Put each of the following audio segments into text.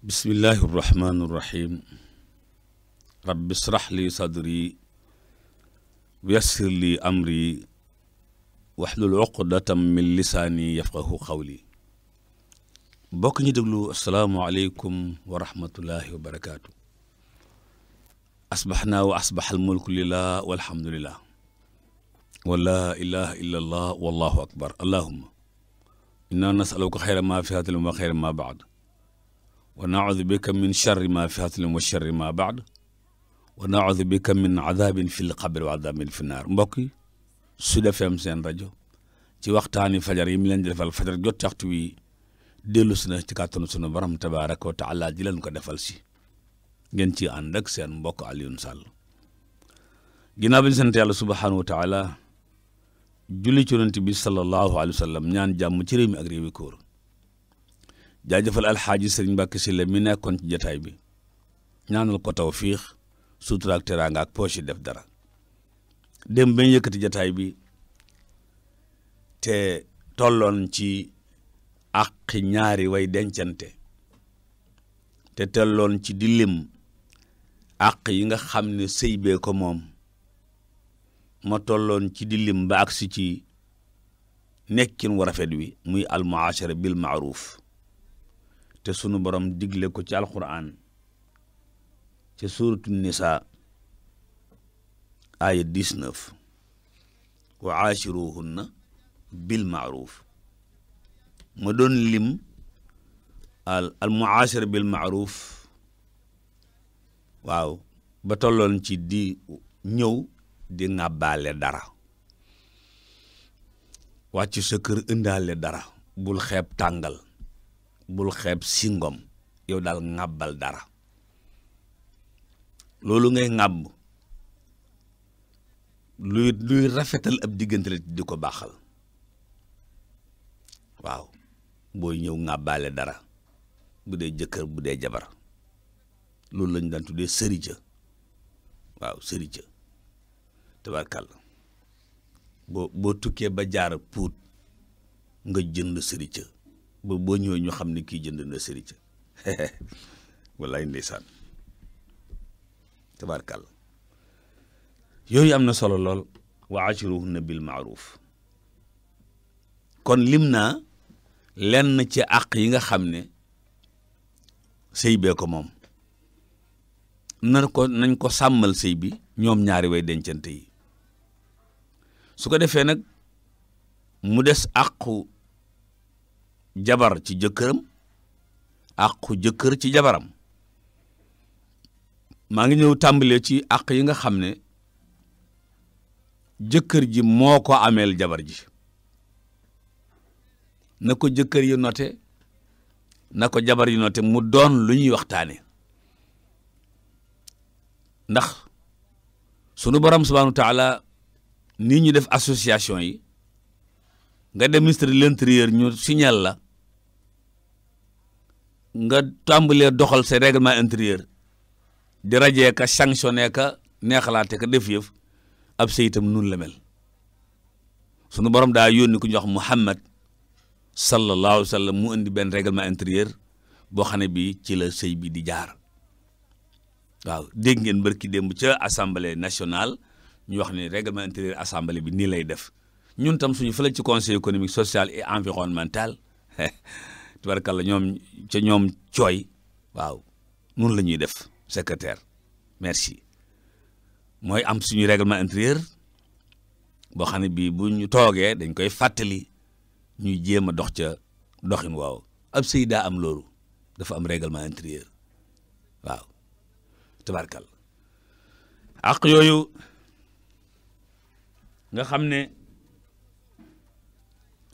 bismillahi irrahmani irrahim rabbi israh li sadri wa yassir li amri waxlul uqdatam min lisaani yafqahu qawli bokk ñu déglu asalaamualeykum wa rahmatullahi wa barakaatu asbaxnaa wa asbax almulku lillah walhamdulillah wa laa ilaha illa allah wallahu akbar allahuma inna nasaluka xayra ma fi hatil wa xayra ma baad wa naudu bika min charri ma fi haslin wa charri ma baad wa naudu bika min adabin fi lqabri wa adabin fi naar mbokk yi Sud FM seen rajo ci waxtaani fajar yi mu leen di defal fajar jot waxtu wi dellu si na ci kàttanu sunu borom tabaaraka wa taala ji leen ko defal si ngeen ci ànd ak seen mbokk Alioune Sall ginnaaw bi ñu sant yàlla subhaanahu wa taala julli ci yonent bi sallallahu alayhi wa ñaan jàmm ci réew mi ak réewi jaajëfal alxaaji sëriñ Mbàkke Sylla mi nekkoon ci jataay bi ñaanal ko tawfiix sutura ak teraanga ak poche yi def dara dem bañ yëkkati jataay bi te tolloon ci àqi ñaari way dencante te tolloon ci di lim àq yi nga xam ne sëy ko moom ma tolloon ci di lim ba agsi ci nekkin wu rafet wi muy almuachara bil maaruf te sunu borom digle ko ci alquran ci suratu nisa aya 19 wa aachiruhunna bil maaruf ma doon lim al al muaashir bil maaruf waaw ba tolloon ci di ñëw di ŋàbbaale dara wàcc sa kër ëndaale dara bul xeeb tàngal bul xeeb singom yow daal ŋàbbal dara loolu ngay ŋàbb luy luy rafetal ab diggante la di ko baaxal waaw booy ñëw ŋàbbaale dara bu dee jëkkër bu dee jabar loolu lañu daan tuddee sërija waaw sërija tabarkàlla boo boo tukkee ba jaar puut nga jënd sërija ba boo ñëwee ñu xam ne kii jënd na sëriñ ca wallaay ndeysaan tabaarkàlla yooyu am na solo lool wa achiruhunna bil maaruf kon lim naa lenn ci àq yi nga xam ne sëy bee ko moom nan ko nañ ko sàmmal sëy bi ñoom ñaari way dencante yi su ko defee nag mu des àqu jabar ci jëkkëram àqu jëkkër ci jabaram maa ngi ñëw tàmbalee ci àq yi nga xam ne jëkkër ji moo ko ameel jabar ji na ko jëkkër yi note na ko jabar yi note mu doon lu ñuy waxtaane ndax sunu borom subhanahu wa taala nii ñu def association yi nga dem ministre de l'intérieur ñu signal la nga tàmbalee doxal sa règlement intérieur di rajee ka sanctionné ka neexalaate ka def yëf ab sëyitam nun la mel sunu borom daa yónni ku ñu wax Muhammad sallallahu alayhi wa sallam mu indi benn règlement intérieur boo xam ne bii ci la sëy bi di jaar waaw dégg ngeen bërki démb ca assemblée national ñu wax ne règlement intérieur assemblée bi nii lay def ñun tam suñu fële ci conseil économique social et environnemental tubarkalla ñoom ca ñoom cooy waaw nun la ñuy def secrétaire merci mooy am suñu règlement intérieur boo xam ne bii bu ñu toogee dañ koy fàttali ñuy jéem a dox ca doxin waaw ab sëy daa am loolu dafa am règlement intérieur waaw tubarkalla ak yooyu nga xam ne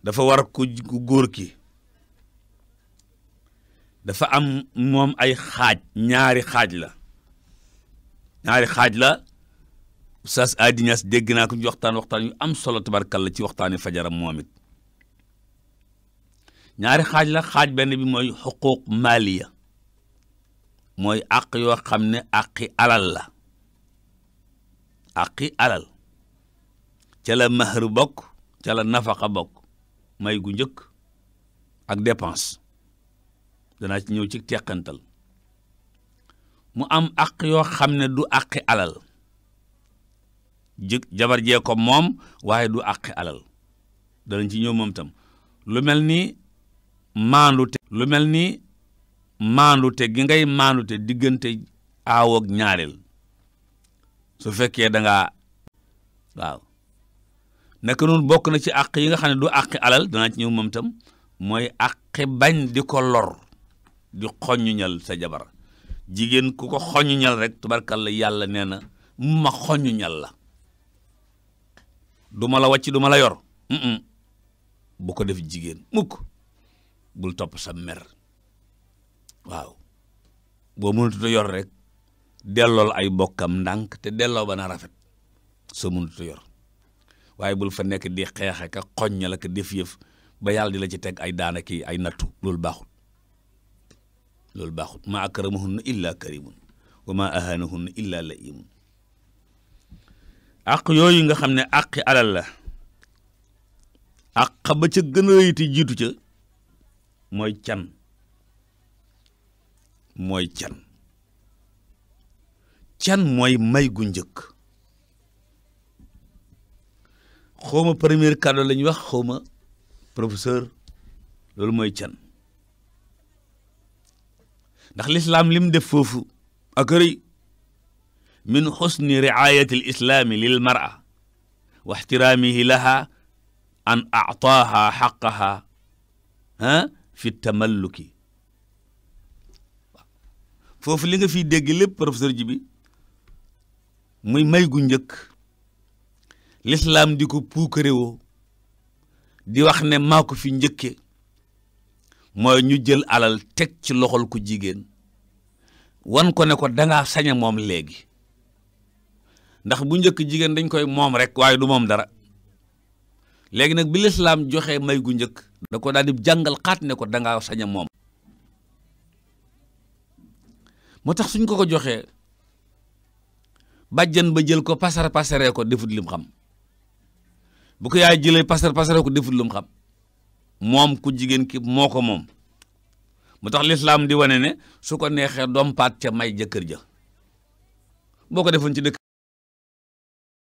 dafa war ku góor ki dafa am moom ay xaaj ñaari xaaj la ñaari xaaj la Oustaz Hady Niass dégg naa ko ñu waxtaan yu am solo tabarkalla ci waxtaani fajaram moom it ñaari xaaj la xaaj benn bi mooy xuquuq maliya mooy àq yoo xam ne àqi alal la àqi alal ca la mahar bokk ca la nafaqa bokk may gu njëkk ak dépense dana ci ñëw ci teqantal mu am àq yoo xam ne du àqi alal jëkk jabar jee ko moom waaye du àqi alal danañ ci ñëw moom tam lu mel ni maandu te lu mel ni maandu te gi ngay maandu te diggante aawoog ñaareel su fekkee dangaa waaw nekk noonu bokk na ci àq yi nga xam ne du àqi alal danaa ci ñëw moom itam mooy àqi bañ di ko lor di xoññal sa jabar jigéen ku ko xoññal rek tubarkalla yàlla nee na mu ma xoññal la duma ma la wàcc du ma la yor bu ko def jigéen mukk bul topp sa mer waaw boo mënatuta yor rek dellool ay bokkam ndànk te delloo ba na rafet soo mënatuta yor waaye bul fa nekk di xeex ak xoññal ak def yëf ba yàlla di la ci teg ay daana ay nattu loolu baaxul loolu baaxul maa akramahunna illa karimun wa maa ahanahunna illa laimun àq yooyu nga xam ne àqi alal la àq ba ca gën a rëyti jiitu ca mooy can mooy can can mooy may gu njëkk xaw ma premier cadeau la wax xaw ma professeur loolu mooy can ndax lislaam lim def foofu ak rëy min xusni riayati l islaami lil mara wa ixtiraamihi laha an aataaha xaqaha ah fi tamalluki foofu li nga fiy dégg lépp professeur ji muy may gu njëkk lislaam di ko puukarewoo di wax ne maa fi njëkke mooy ñu jël alal teg ci loxol ku jigéen wan ko ne ko dangaa saña moom léegi ndax bu njëkk jigéen dañ koy moom rek waaye du moom dara léegi nag bi lislaam joxe may gu njëkk da ko daal di jàngal xaat ne ko dangaa saña moom moo tax suñ ko ko joxee bàjjan ba jël ko pasar pasaree ko defut lim xam bu ko yaay jëlee pasar pasar ko defut lu mu xam moom ku jigéen ki moo ko moom mu tax lislaam di wane ne su ko neexee doom paat ca may jëkkër ja boo ko defoon ci dëkk